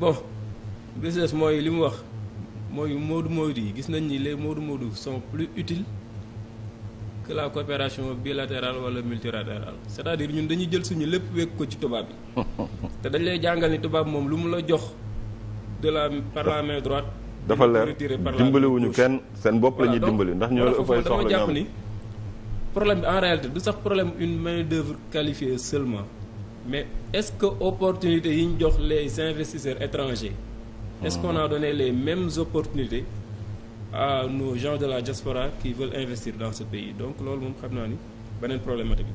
bon business mooy li mu wax mooy moodu-moodu yi gis nañ ni les moodu-moodu son plus utiles que la coopération bilatérale wala multilatérale c'est-à-dire ñun dañuy jël suñu lépp wekk ko ci tubaab bi te dañ lay jàngal ni tubaab moom lu mu la jox de la par la main droite. dafa leer dimbaliwuñu kenn seen bopp la ñuy dimbali ndax ñoo la ëppay soxla ñoom dama jàpp ni problème bi en réalité du sax problème une main d'œuvre qualifiée seulement. mais est-ce que opportunité yi ñu jox les investisseurs étrangers est-ce qu'on a donné les mêmes opportunités à nos gens de la diaspora qui veulent investir dans ce pays donc loolu moom xam naa ni beneen problématique